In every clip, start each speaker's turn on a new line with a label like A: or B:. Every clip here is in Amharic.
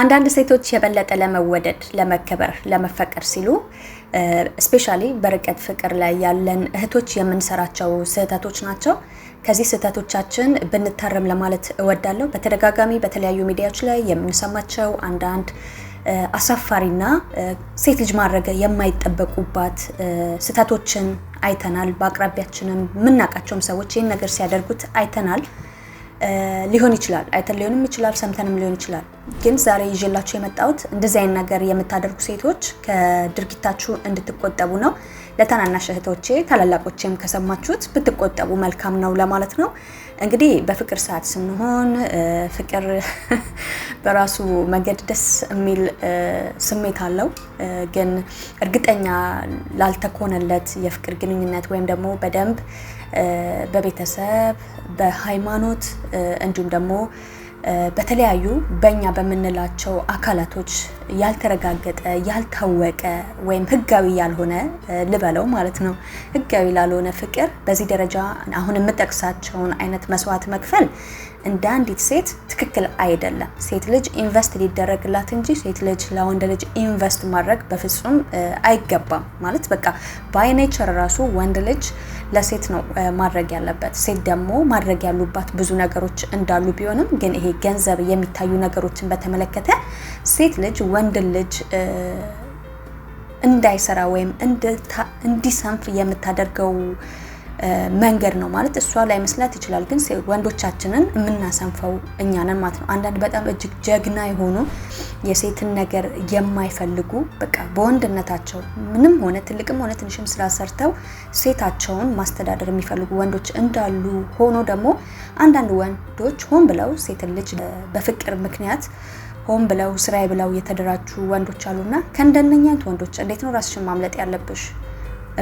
A: አንዳንድ ሴቶች የበለጠ ለመወደድ፣ ለመከበር፣ ለመፈቀር ሲሉ ስፔሻሊ በርቀት ፍቅር ላይ ያለን እህቶች የምንሰራቸው ስህተቶች ናቸው። ከዚህ ስህተቶቻችን ብንታረም ለማለት እወዳለሁ። በተደጋጋሚ በተለያዩ ሚዲያዎች ላይ የምንሰማቸው አንዳንድ አሳፋሪና ሴት ልጅ ማድረግ የማይጠበቁባት ስህተቶችን አይተናል። በአቅራቢያችንም የምናውቃቸውም ሰዎች ይህን ነገር ሲያደርጉት አይተናል። ሊሆን ይችላል፣ አይተን ሊሆንም ይችላል፣ ሰምተንም ሊሆን ይችላል። ግን ዛሬ ይዤላችሁ የመጣሁት እንደዚህ አይነት ነገር የምታደርጉ ሴቶች ከድርጊታችሁ እንድትቆጠቡ ነው። ለታናናሽ እህቶቼ ታላላቆቼም ከሰማችሁት ብትቆጠቡ መልካም ነው ለማለት ነው። እንግዲህ በፍቅር ሰዓት ስንሆን ፍቅር በራሱ መንገድ ደስ የሚል ስሜት አለው። ግን እርግጠኛ ላልተኮነለት የፍቅር ግንኙነት ወይም ደግሞ በደንብ በቤተሰብ በሃይማኖት እንዲሁም ደግሞ በተለያዩ በእኛ በምንላቸው አካላቶች ያልተረጋገጠ ያልታወቀ ወይም ህጋዊ ያልሆነ ልበለው ማለት ነው ህጋዊ ላልሆነ ፍቅር በዚህ ደረጃ አሁን የምጠቅሳቸውን አይነት መስዋዕት መክፈል እንደ አንዲት ሴት ትክክል አይደለም። ሴት ልጅ ኢንቨስት ሊደረግላት እንጂ ሴት ልጅ ለወንድ ልጅ ኢንቨስት ማድረግ በፍጹም አይገባም። ማለት በቃ ባይ ኔቸር ራሱ ወንድ ልጅ ለሴት ነው ማድረግ ያለበት። ሴት ደግሞ ማድረግ ያሉባት ብዙ ነገሮች እንዳሉ ቢሆንም ግን ይሄ ገንዘብ የሚታዩ ነገሮችን በተመለከተ ሴት ልጅ ወንድ ልጅ እንዳይሰራ ወይም እንዲሰንፍ የምታደርገው መንገድ ነው ማለት እሷ ላይ መስላት ይችላል፣ ግን ወንዶቻችንን የምናሰንፈው እኛ ነን ማለት ነው። አንዳንድ በጣም እጅግ ጀግና የሆኑ የሴትን ነገር የማይፈልጉ በቃ በወንድነታቸው ምንም ሆነ ትልቅም ሆነ ትንሽም ስራ ሰርተው ሴታቸውን ማስተዳደር የሚፈልጉ ወንዶች እንዳሉ ሆኖ ደግሞ አንዳንድ ወንዶች ሆን ብለው ሴትን ልጅ በፍቅር ምክንያት ሆን ብለው ስራዬ ብለው የተደራጁ ወንዶች አሉና ከእንደነኛ አይነት ወንዶች እንዴት ነው ራስሽን ማምለጥ ያለብሽ?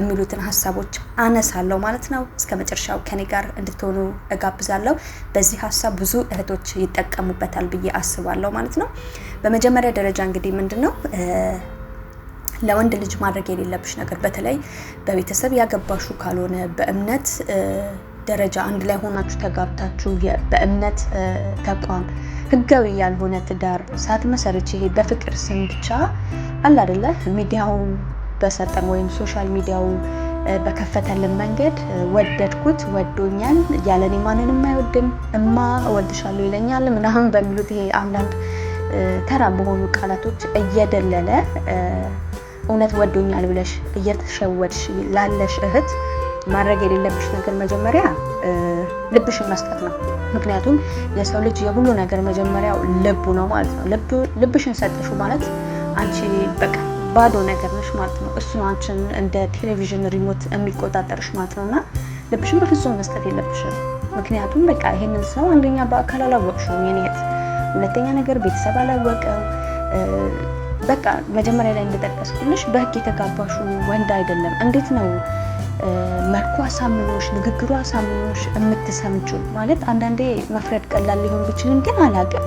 A: የሚሉትን ሀሳቦች አነሳለሁ ማለት ነው። እስከ መጨረሻው ከኔ ጋር እንድትሆኑ እጋብዛለሁ። በዚህ ሀሳብ ብዙ እህቶች ይጠቀሙበታል ብዬ አስባለሁ ማለት ነው። በመጀመሪያ ደረጃ እንግዲህ ምንድን ነው ለወንድ ልጅ ማድረግ የሌለብሽ ነገር በተለይ በቤተሰብ ያገባሹ ካልሆነ በእምነት ደረጃ አንድ ላይ ሆናችሁ ተጋብታችሁ በእምነት ተቋም ህጋዊ ያልሆነ ትዳር ሳትመሰርች ይሄ በፍቅር ስም ብቻ አለ አይደለ ሚዲያውም በሰጠን ወይም ሶሻል ሚዲያው በከፈተልን መንገድ ወደድኩት፣ ወዶኛል፣ ያለኔ ማንንም አይወድም፣ እማ እወድሻለሁ ይለኛል ምናምን በሚሉት ይሄ አንዳንድ ተራ በሆኑ ቃላቶች እየደለለ እውነት ወዶኛል ብለሽ እየተሸወድሽ ላለሽ እህት ማድረግ የሌለብሽ ነገር መጀመሪያ ልብሽን መስጠት ነው። ምክንያቱም የሰው ልጅ የሁሉ ነገር መጀመሪያው ልቡ ነው ማለት ነው። ልብሽን ሰጥሹ ማለት አንቺ በቃ ባዶ ነገር ነሽ ማለት ነው። እሱ አንቺን እንደ ቴሌቪዥን ሪሞት የሚቆጣጠርሽ ማለት ነው እና ልብሽን በፍጹም መስጠት የለብሽም። ምክንያቱም በቃ ይሄንን ሰው አንደኛ በአካል አላወቅሽው የኔት፣ ሁለተኛ ነገር ቤተሰብ አላወቀም በቃ መጀመሪያ ላይ እንደጠቀስኩልሽ በህግ የተጋባሹ ወንድ አይደለም። እንዴት ነው መልኩ አሳምኖሽ ንግግሩ አሳምኖሽ የምትሰምችው? ማለት አንዳንዴ መፍረድ ቀላል ሊሆን ቢችልም ግን አላውቅም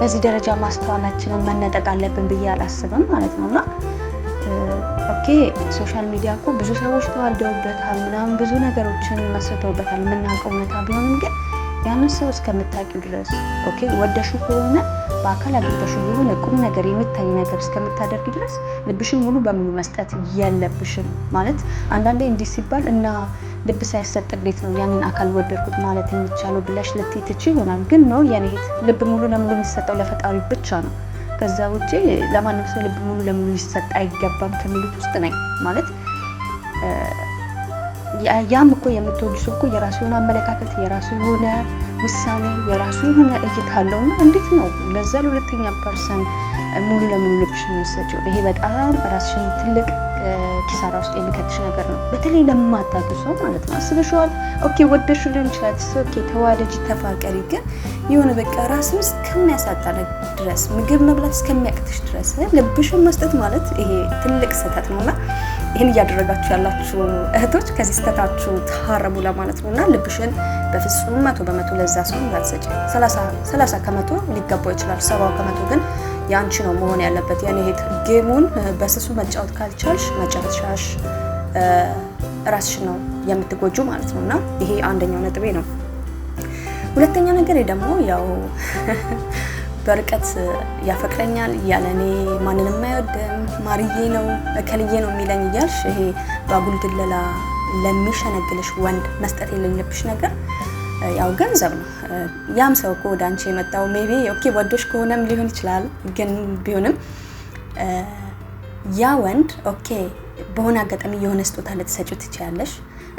A: በዚህ ደረጃ ማስተዋላችንን መነጠቅ አለብን ብዬ አላስብም ማለት ነው። እና ኦኬ ሶሻል ሚዲያ እኮ ብዙ ሰዎች ተዋልደውበታል ምናምን ብዙ ነገሮችን መስርተውበታል የምናውቀው እውነታ ቢሆንም ግን ያንን ሰው እስከምታውቂው ድረስ ኦኬ ወደሹ ከሆነ በአካል አግኝተሹ የሆነ ቁም ነገር የምታይ ነገር እስከምታደርግ ድረስ ልብሽን ሙሉ በሙሉ መስጠት የለብሽም ማለት አንዳንዴ እንዲህ ሲባል እና ልብ ሳይሰጥ እንዴት ነው ያንን አካል ወደድኩት ማለት የሚቻለው ብለሽ ልትይ ትች ይሆናል። ግን ነው የኔት ልብ ሙሉ ለሙሉ የሚሰጠው ለፈጣሪ ብቻ ነው። ከዛ ውጭ ለማንም ሰው ልብ ሙሉ ለሙሉ ሊሰጥ አይገባም ከሚሉት ውስጥ ነኝ ማለት ያም እኮ የምትወዱ እኮ የራሱ የሆነ አመለካከት፣ የራሱ የሆነ ውሳኔ፣ የራሱ የሆነ እይታ አለው አለውና እንዴት ነው ለዛ ለሁለተኛ ፐርሰን ሙሉ ለሙሉ ልብሽን የምትሰጪው? ይሄ በጣም ራስሽን ትልቅ ኪሳራ ውስጥ የሚከትሽ ነገር ነው። በተለይ ለማታውቂ ሰው ማለት ነው። አስበሽዋል። ኦኬ ወደሽ ሊሆን ይችላል። ኦኬ ተዋደጅ፣ ተፋቀሪ። ግን የሆነ በቃ ራስን እስከሚያሳጣ ድረስ ምግብ መብላት እስከሚያቅትሽ ድረስ ልብሽን መስጠት ማለት ይሄ ትልቅ ስህተት ነው እና ይህን እያደረጋችሁ ያላችሁ እህቶች ከዚህ ስህተታችሁ ተሀረቡ ለማለት ነው እና ልብሽን በፍጹም መቶ በመቶ ለዛ ሰው እንዳትሰጪ። ሰላሳ ከመቶ ሊገባው ይችላል፣ ሰባው ከመቶ ግን ያንቺ ነው መሆን ያለበት የኔ ይሄ ጌሙን በስሱ መጫወት ካልቻልሽ መጨረሻሽ ራስሽ ነው የምትጎጁ ማለት ነው። እና ይሄ አንደኛው ነጥቤ ነው። ሁለተኛ ነገር ደግሞ ያው በርቀት ያፈቅረኛል እያለ እኔ ማንንም አይወድም ማርዬ ነው እከልዬ ነው የሚለኝ እያልሽ ይሄ በአጉል ድለላ ለሚሸነግልሽ ወንድ መስጠት የሌለብሽ ነገር ያው ገንዘብ ነው። ያም ሰው እኮ ወደ አንቺ የመጣው ሜቢ ኦኬ ወዶሽ ከሆነም ሊሆን ይችላል። ግን ቢሆንም ያ ወንድ ኦኬ በሆነ አጋጣሚ የሆነ ስጦታ ልትሰጪው ትችያለሽ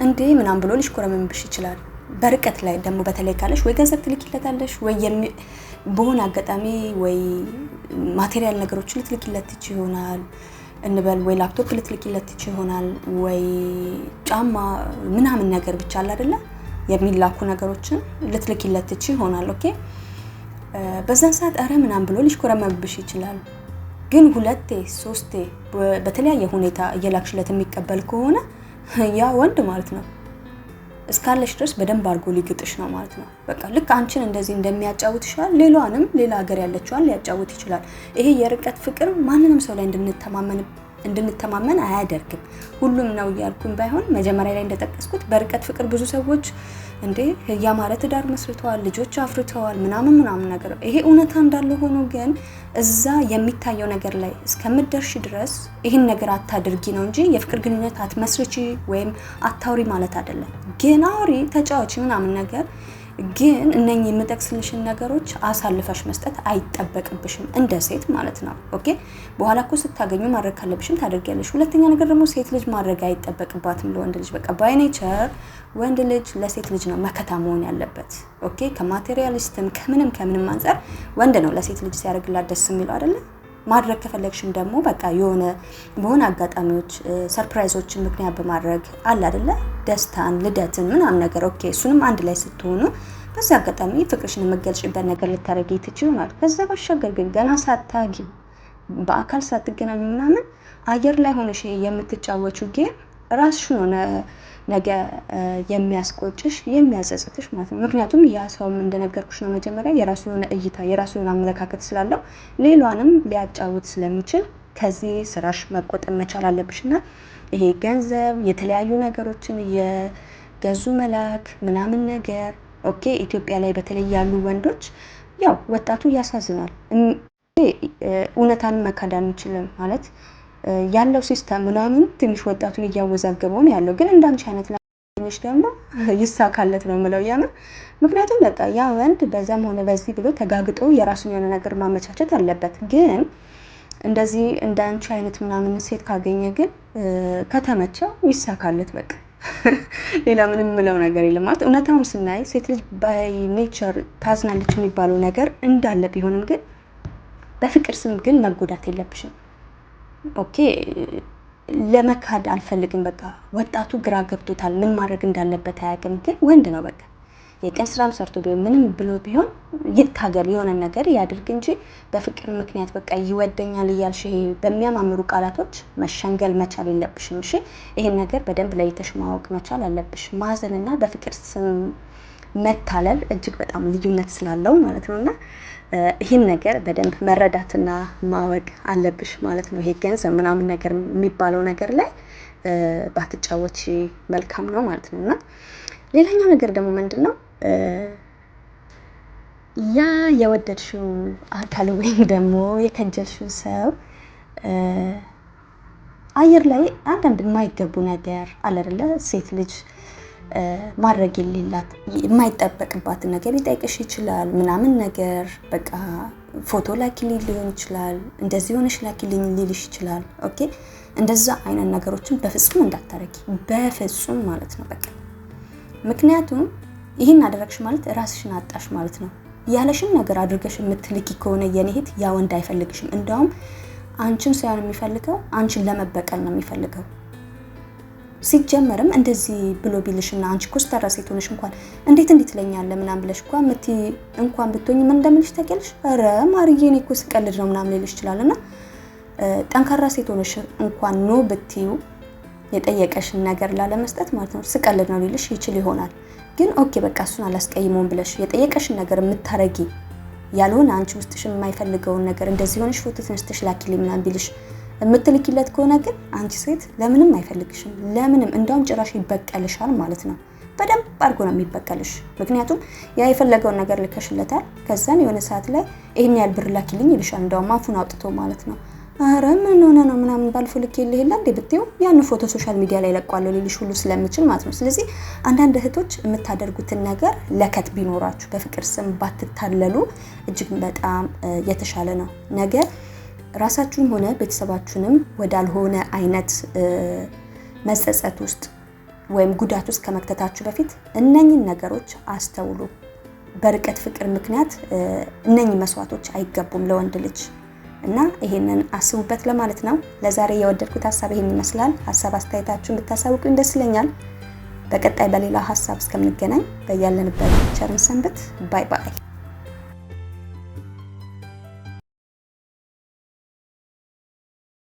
A: እንዴ ምናም ብሎ ሊሽኮረመምብሽ ይችላል። በርቀት ላይ ደግሞ በተለይ ካለሽ ወይ ገንዘብ ትልኪለታለሽ ወይ በሆነ አጋጣሚ ወይ ማቴሪያል ነገሮች ልትልኪለት ትች ይሆናል እንበል ወይ ላፕቶፕ ልትልኪለት ትች ይሆናል ወይ ጫማ ምናምን ነገር ብቻ አለ አይደለ የሚላኩ ነገሮችን ልትልኪለት ትቺ ይሆናል። ኦኬ በዛን ሰዓት አረ ምናምን ብሎ ሊሽኮረመብሽ ይችላል። ግን ሁለቴ ሶስቴ በተለያየ ሁኔታ እየላክሽለት የሚቀበል ከሆነ ያ ወንድ ማለት ነው እስካለሽ ድረስ በደንብ አድርጎ ሊግጥሽ ነው ማለት ነው። በቃ ልክ አንቺን እንደዚህ እንደሚያጫውት ይችላል፣ ሌሏንም ሌላ ሀገር ያለችዋን ሊያጫውት ይችላል። ይሄ የርቀት ፍቅር ማንንም ሰው ላይ እንድንተማመን እንድንተማመን አያደርግም። ሁሉም ነው እያልኩኝ ባይሆን መጀመሪያ ላይ እንደጠቀስኩት በርቀት ፍቅር ብዙ ሰዎች እንዴ ያማረ ትዳር መስርተዋል፣ ልጆች አፍርተዋል፣ ምናምን ምናምን ነገር ይሄ እውነታ እንዳለ ሆኖ ግን እዛ የሚታየው ነገር ላይ እስከምደርሽ ድረስ ይህን ነገር አታድርጊ ነው እንጂ የፍቅር ግንኙነት አትመስርቺ ወይም አታውሪ ማለት አይደለም። ግን አውሪ፣ ተጫዋች ምናምን ነገር ግን እነኚህ የምጠቅስልሽን ነገሮች አሳልፈሽ መስጠት አይጠበቅብሽም፣ እንደ ሴት ማለት ነው። ኦኬ በኋላ እኮ ስታገኙ ማድረግ ካለብሽም ታደርጊያለሽ። ሁለተኛ ነገር ደግሞ ሴት ልጅ ማድረግ አይጠበቅባትም ለወንድ ልጅ። በቃ ባይ ኔቸር ወንድ ልጅ ለሴት ልጅ ነው መከታ መሆን ያለበት። ኦኬ ከማቴሪያሊስትም ከምንም ከምንም አንጻር ወንድ ነው ለሴት ልጅ ሲያደርግላት ደስ የሚለው አይደለም ማድረግ ከፈለግሽም ደግሞ በቃ የሆነ በሆነ አጋጣሚዎች ሰርፕራይዞችን ምክንያት በማድረግ አለ አደለ፣ ደስታን፣ ልደትን ምናምን ነገር ኦኬ፣ እሱንም አንድ ላይ ስትሆኑ በዚ አጋጣሚ ፍቅርሽን የምገልጭበት ነገር ልታደረግ ትች ከዛ ባሻገር ግን ገና ሳታጊ በአካል ሳትገናኙ ምናምን አየር ላይ ሆነሽ የምትጫወቹ ጌም ራስሽ የሆነ ነገ የሚያስቆጭሽ የሚያጸጽትሽ ማለት ነው። ምክንያቱም ያ ሰውም እንደነገርኩሽ ነው መጀመሪያ የራሱ የሆነ እይታ የራሱ የሆነ አመለካከት ስላለው ሌሏንም ሊያጫውት ስለሚችል ከዚህ ስራሽ መቆጠብ መቻል አለብሽ እና ይሄ ገንዘብ የተለያዩ ነገሮችን የገዙ መላክ ምናምን ነገር ኦኬ። ኢትዮጵያ ላይ በተለይ ያሉ ወንዶች ያው ወጣቱ ያሳዝናል። እውነታን መካድ አንችልም ማለት ያለው ሲስተም ምናምን ትንሽ ወጣቱን እያወዛገበው ነው ያለው። ግን እንዳንቺ አይነት ላች ደግሞ ይሳካለት ነው የምለው የምር። ምክንያቱም በቃ ያ ወንድ በዛም ሆነ በዚህ ብሎ ተጋግጦ የራሱን የሆነ ነገር ማመቻቸት አለበት። ግን እንደዚህ እንዳንቺ አይነት ምናምን ሴት ካገኘ ግን ከተመቸው ይሳካለት በቃ ሌላ ምንም የምለው ነገር የለም። ማለት እውነታውን ስናይ ሴት ልጅ ባይ ኔቸር ታዝናለች የሚባለው ነገር እንዳለ ቢሆንም ግን በፍቅር ስም ግን መጎዳት የለብሽም። ኦኬ ለመካድ አልፈልግም። በቃ ወጣቱ ግራ ገብቶታል፣ ምን ማድረግ እንዳለበት አያውቅም። ግን ወንድ ነው በቃ የቀን ስራም ሰርቶ ቢሆን ምንም ብሎ ቢሆን ይታገል፣ የሆነ ነገር ያድርግ እንጂ በፍቅር ምክንያት በቃ ይወደኛል እያልሽ በሚያማምሩ ቃላቶች መሸንገል መቻል የለብሽም። እሺ፣ ይህን ነገር በደንብ ለይተሽ ማወቅ መቻል አለብሽ። ማዘንና በፍቅር ስም መታለል እጅግ በጣም ልዩነት ስላለው ማለት ነው እና ይህን ነገር በደንብ መረዳትና ማወቅ አለብሽ ማለት ነው። ይሄ ገንዘብ ምናምን ነገር የሚባለው ነገር ላይ ባትጫወች መልካም ነው ማለት ነው እና ሌላኛው ነገር ደግሞ ምንድን ነው ያ የወደድሽው አካል ወይም ደግሞ የከጀልሽው ሰው አየር ላይ አንዳንድ የማይገቡ ነገር አለ አይደለ ሴት ልጅ ማድረግ የሌላት የማይጠበቅባትን ነገር ሊጠይቅሽ ይችላል። ምናምን ነገር በቃ ፎቶ ላኪልኝ ሊሆን ይችላል። እንደዚህ ሆነሽ ላኪልኝ ሊልሽ ይችላል። ኦኬ እንደዛ አይነት ነገሮችን በፍጹም እንዳታረጊ፣ በፍጹም ማለት ነው በቃ ምክንያቱም ይህን አደረግሽ ማለት ራስሽን አጣሽ ማለት ነው። ያለሽን ነገር አድርገሽ የምትልኪ ከሆነ የኔሄት ያ ወንድ አይፈልግሽም። እንዲያውም አንቺን ሳይሆን የሚፈልገው አንቺን ለመበቀል ነው የሚፈልገው። ሲጀመርም እንደዚህ ብሎ ቢልሽና አንቺ እኮ ስተራ ሴት ሆነሽ እንኳን እንዴት እንዴት ለኛለ ምናምን ብለሽ እንኳን ምቲ እንኳን ብትሆኝ ምን እንደምልሽ ታውቂያለሽ? ኧረ ማርዬ እኔ እኮ ስቀልድ ነው ምናምን ሊልሽ ይችላል። እና ጠንካራ ሴት ሆነሽ እንኳን ኖ ብትዩ የጠየቀሽን ነገር ላለመስጠት ማለት ነው ስቀልድ ነው ሊልሽ ይችል ይሆናል። ግን ኦኬ በቃ እሱን አላስቀይመውም ብለሽ የጠየቀሽን ነገር የምታረጊ ያልሆነ አንቺ ውስጥሽ የማይፈልገውን ነገር እንደዚህ ሆነሽ ፎቶ ተነስተሽ ላኪልኝ ምናምን ቢልሽ የምትልኪለት ከሆነ ግን አንቺ ሴት ለምንም አይፈልግሽም፣ ለምንም እንደውም ጭራሽ ይበቀልሻል ማለት ነው። በደንብ አድርጎ ነው የሚበቀልሽ። ምክንያቱም ያ የፈለገውን ነገር ልከሽለታል። ከዛን የሆነ ሰዓት ላይ ይህን ያህል ብር ላኪልኝ ይልሻል። እንደውም አፉን አውጥቶ ማለት ነው። አረ ምን ሆነ ነው ምናምን ባልፎ ልክ የለ የለ እንዴ ያን ፎቶ ሶሻል ሚዲያ ላይ ለቋለሁ ሌሎች ሁሉ ስለምችል ማለት ነው። ስለዚህ አንዳንድ እህቶች የምታደርጉትን ነገር ለከት ቢኖራችሁ በፍቅር ስም ባትታለሉ እጅግ በጣም የተሻለ ነው ነገር ራሳችሁም ሆነ ቤተሰባችሁንም ወዳልሆነ አይነት መጸጸት ውስጥ ወይም ጉዳት ውስጥ ከመክተታችሁ በፊት እነኝን ነገሮች አስተውሉ። በርቀት ፍቅር ምክንያት እነኝ መስዋዕቶች አይገቡም ለወንድ ልጅ እና ይሄንን አስቡበት ለማለት ነው። ለዛሬ የወደድኩት ሀሳብ ይሄን ይመስላል። ሀሳብ አስተያየታችሁን ብታሳውቁኝ ደስ ይለኛል። በቀጣይ በሌላ ሀሳብ እስከምንገናኝ በያለንበት ቸርን ሰንብት። ባይ ባይ።